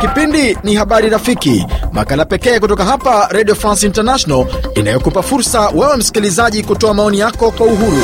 Kipindi ni Habari Rafiki, makala pekee kutoka hapa Radio France International inayokupa fursa wewe msikilizaji kutoa maoni yako kwa uhuru.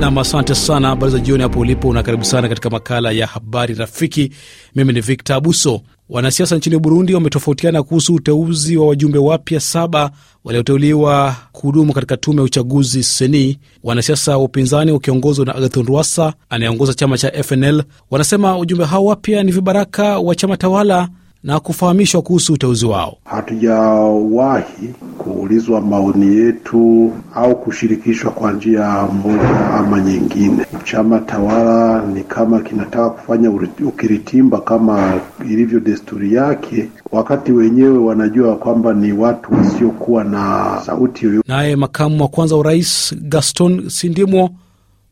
Nam, asante sana. Habari za jioni hapo ulipo, na karibu sana katika makala ya Habari Rafiki. Mimi ni Victor Abuso. Wanasiasa nchini Burundi wametofautiana kuhusu uteuzi wa wajumbe wapya saba walioteuliwa kuhudumu katika tume ya uchaguzi seni. Wanasiasa wa upinzani wakiongozwa na Agathon Rwasa anayeongoza chama cha FNL wanasema wajumbe hao wapya ni vibaraka wa chama tawala na kufahamishwa kuhusu uteuzi wao. Hatujawahi kuulizwa maoni yetu au kushirikishwa kwa njia moja ama nyingine. Chama tawala ni kama kinataka kufanya ukiritimba kama ilivyo desturi yake, wakati wenyewe wanajua kwamba ni watu wasiokuwa na sauti yoyote. Naye makamu wa kwanza wa rais Gaston Sindimwo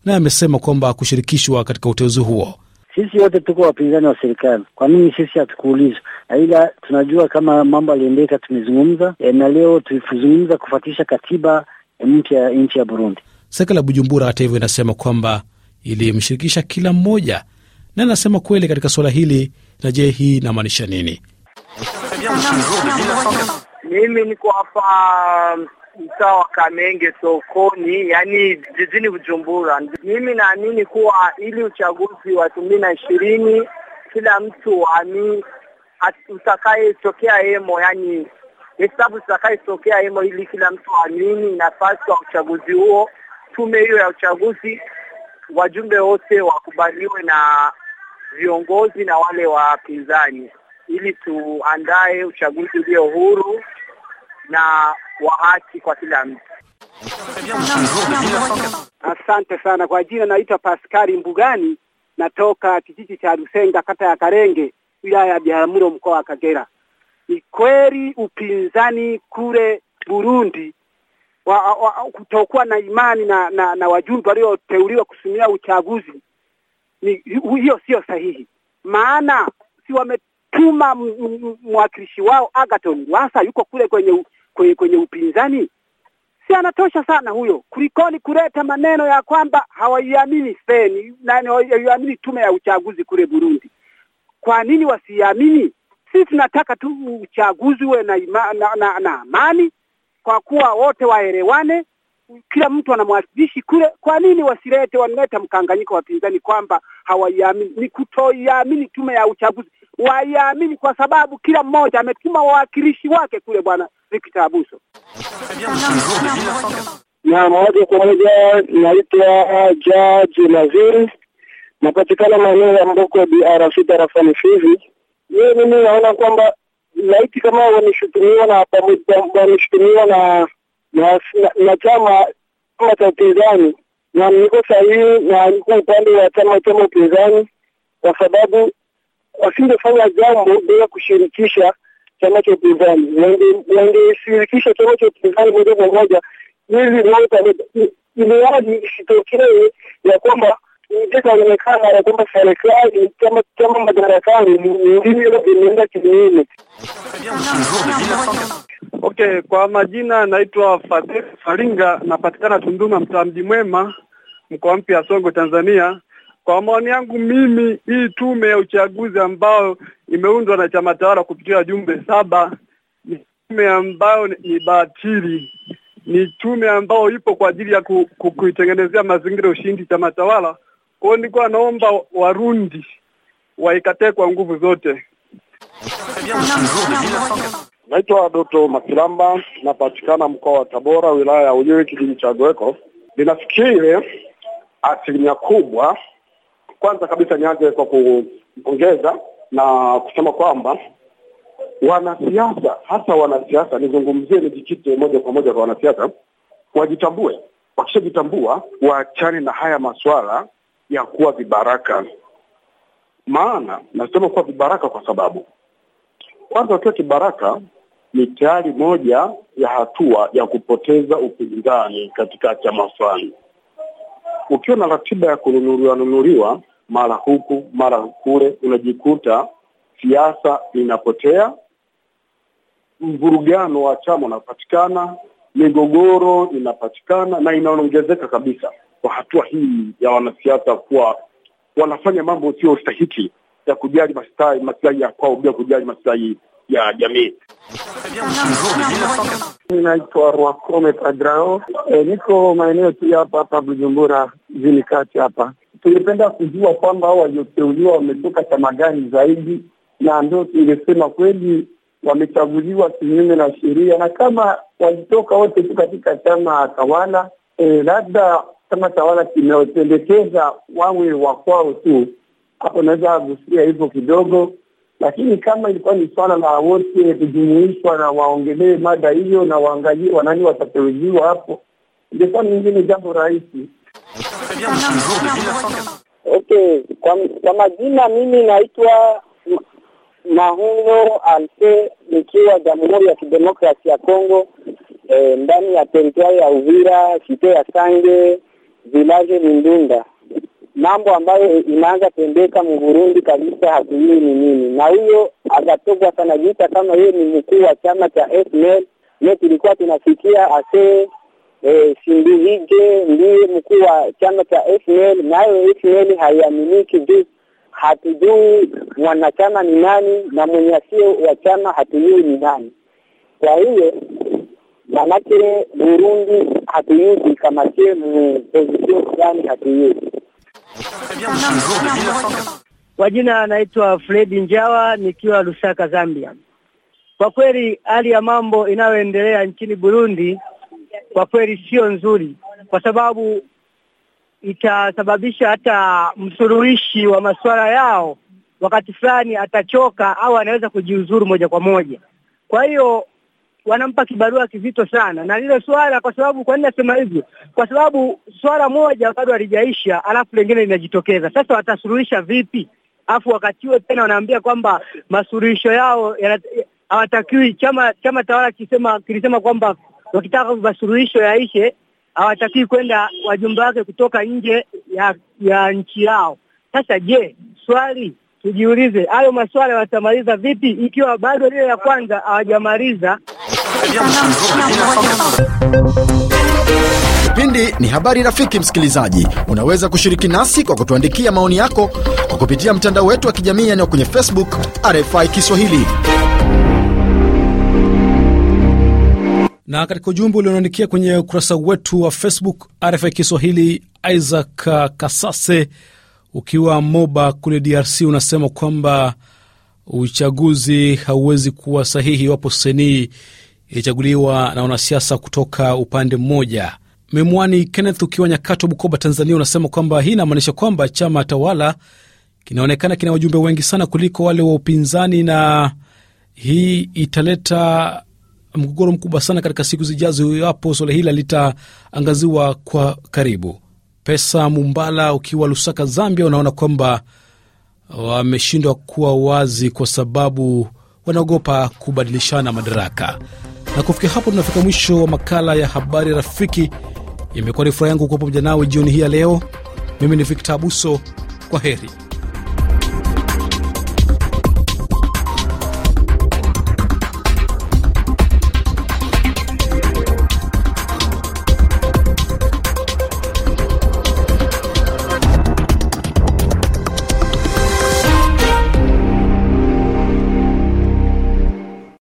naye amesema kwamba kushirikishwa katika uteuzi huo sisi wote tuko wapinzani wa serikali, kwa nini sisi hatukuulizwa? Ila tunajua kama mambo aliendeka, tumezungumza e, na leo tulizungumza kufuatisha katiba e, mpya ya nchi ya Burundi. Serikali ya Bujumbura hata hivyo inasema kwamba ilimshirikisha kila mmoja, na anasema kweli katika suala hili, na je, hii inamaanisha nini? Mimi niko hapa um, mtaa wa Kamenge sokoni, yani jijini Bujumbura. Mimi naamini kuwa ili uchaguzi wa elfu mbili na ishirini kila mtu ami utakayetokea hemo, yani hesabu zitakayetokea hemo, ili kila mtu amini nafasi wa uchaguzi huo, tume hiyo ya uchaguzi, wajumbe wote wakubaliwe na viongozi na wale wapinzani, ili tuandae uchaguzi ulio huru na wa haki kwa kila mtu. Asante sana. Kwa jina naitwa Paskari Mbugani, natoka kijiji cha Rusenga, kata ya Karenge, wilaya ya Biharamulo, mkoa wa Kagera. Ni kweli upinzani kule Burundi wa, wa, kutokuwa na imani na, na, na wajumbe walioteuliwa kusimamia uchaguzi ni hiyo sio sahihi, maana si wametuma mwakilishi wao Agaton Wasa yuko kule kwenye kwenye, kwenye upinzani si anatosha sana huyo, kulikoni kuleta maneno ya kwamba hawaiamini feni na hawaiamini tume ya uchaguzi kule Burundi. Kwa nini wasiamini? Sisi tunataka tu uchaguzi uwe na amani na, na, na, kwa kuwa wote waelewane, kila mtu ana kule. Kwa nini wasilete, wanaleta mkanganyiko wapinzani kwamba hawaiamini? Ni kutoiamini tume ya uchaguzi waiamini kwa sababu kila mmoja ametuma wawakilishi wake kule, bwana Victor Abuso. Na moja kwa moja naitwa Jaji Naziri, napatikana maeneo ya Mboko, DRC, tarafani Fizi. Yeye mimi naona kwamba laiti kama wameshutumiwa na wameshutumiwa na na, na chama chama cha upinzani, na niko sahihi na niko upande wa chama chama upinzani, kwa sababu wasingefanya jambo bila kushirikisha chama cha upinzani, wangeshirikisha chama cha upinzani moja kwa moja, ili ili isitokee ya kwamba itaonekana ya kwamba serikali chama madarakani ndivyo imeenda kinyume. Okay, kwa majina naitwa Fadhili Faringa, napatikana Tunduma, mtaa Mji Mwema, mkoa mpya Songwe, Tanzania. Kwa maoni yangu mimi, hii tume ya uchaguzi ambayo imeundwa na chama tawala kupitia jumbe saba ni tume ambayo ni batili, ni tume ambayo ipo kwa ajili ya ku, ku, kuitengenezea mazingira ya ushindi chama tawala. Kwao nilikuwa naomba Warundi waikatee kwa nguvu zote. Naitwa Doto Makilamba, napatikana mkoa wa Tabora, wilaya ya Uyui, kijiji cha Goeko. Ninafikiri asilimia kubwa kwanza kabisa nianze kwa kupongeza na kusema kwamba wanasiasa, hasa wanasiasa, nizungumzie, nijikite moja kwa moja kwa wanasiasa, wajitambue. Wakishajitambua waachane na haya masuala ya kuwa vibaraka. Maana nasema kuwa vibaraka kwa sababu kwanza, wakiwa kibaraka ni tayari moja ya hatua ya kupoteza upinzani katika chama fulani. Ukiwa na ratiba ya kununuliwa nunuliwa mara huku mara kule, unajikuta siasa inapotea, mvurugano wa chama unapatikana, migogoro inapatikana na inaongezeka kabisa, kwa hatua hii ya wanasiasa kuwa wanafanya mambo sio stahiki ya kujali maslahi ya kwao bila kujali maslahi ya jamii. Ninaitwa Rwakome Padrao, eh, niko maeneo tu hapa hapa Bujumbura jini kati hapa tungependa kujua kwamba hao walioteuliwa wametoka chama gani zaidi, na ndio tungesema kweli wamechaguliwa kinyume na sheria, na kama walitoka wote tu katika chama tawala e, labda chama tawala kimependekeza wawe wa kwao tu, hapo naweza kusikia hivyo kidogo, lakini kama ilikuwa ni swala la wote kujumuishwa na waongelee mada hiyo na waangalie wanani watateuliwa hapo, ingekuwa ningine jambo rahisi. Okay, kwa, kwa majina mimi naitwa Mahuno Alte nikiwa Jamhuri ya Kidemokrasia ya Kongo eh, ndani ya teritwari ya Uvira site ya Sange village Lindunda. Mambo ambayo inaanza tendeka Mburundi kabisa hatujui ni nini, na huyo akatogwa sana jita kama yeye ni mkuu wa chama cha FNL. Leo tulikuwa tunafikia ase e, Simbihige ndiye mkuu wa chama cha FNL, nayo FNL haiaminiki juu hatujui mwanachama ni nani na mwenye asio wa chama hatujui ni nani. Kwa hiyo manake Burundi hatujui kuikamatie mpozision gani, hatujui kwa jina anaitwa Fredi Njawa nikiwa Lusaka, Zambia. Kwa kweli hali ya mambo inayoendelea nchini Burundi kwa kweli sio nzuri, kwa sababu itasababisha hata msuluhishi wa masuala yao wakati fulani atachoka au anaweza kujiuzuru moja kwa moja. Kwa hiyo wanampa kibarua kizito sana na lile swala. Kwa sababu kwa nini nasema hivyo? Kwa sababu swala moja bado halijaisha, alafu lengine linajitokeza. Sasa watasuluhisha vipi? Alafu wakati huo tena wanaambia kwamba masuluhisho yao hawatakiwi. Chama chama tawala kilisema kwamba wakitaka masuluhisho yaishe, hawatakii kwenda wajumbe wake kutoka nje ya, ya nchi yao. Sasa je, swali tujiulize, hayo maswala watamaliza vipi ikiwa bado lile ya kwanza hawajamaliza? Kipindi ni habari. Rafiki msikilizaji, unaweza kushiriki nasi kwa kutuandikia maoni yako kwa kupitia mtandao wetu wa kijamii, yaani kwenye Facebook RFI Kiswahili. Na katika ujumbe ulionandikia kwenye ukurasa wetu wa Facebook RFI Kiswahili, Isaac Kasase ukiwa Moba kule DRC unasema kwamba uchaguzi hauwezi kuwa sahihi iwapo seni ilichaguliwa na wanasiasa kutoka upande mmoja. Memwani Kenneth ukiwa Nyakato, Bukoba, Tanzania, unasema kwamba hii inamaanisha kwamba chama tawala kinaonekana kina wajumbe wengi sana kuliko wale wa upinzani, na hii italeta mgogoro mkubwa sana katika siku zijazo, iwapo swala hili litaangaziwa kwa karibu. Pesa Mumbala ukiwa Lusaka, Zambia, unaona kwamba wameshindwa kuwa wazi kwa sababu wanaogopa kubadilishana madaraka. Na kufikia hapo, tunafika mwisho wa makala ya habari rafiki. Imekuwa ni furaha yangu kuwa pamoja nawe jioni hii ya leo. Mimi ni Victor Abuso, kwa heri.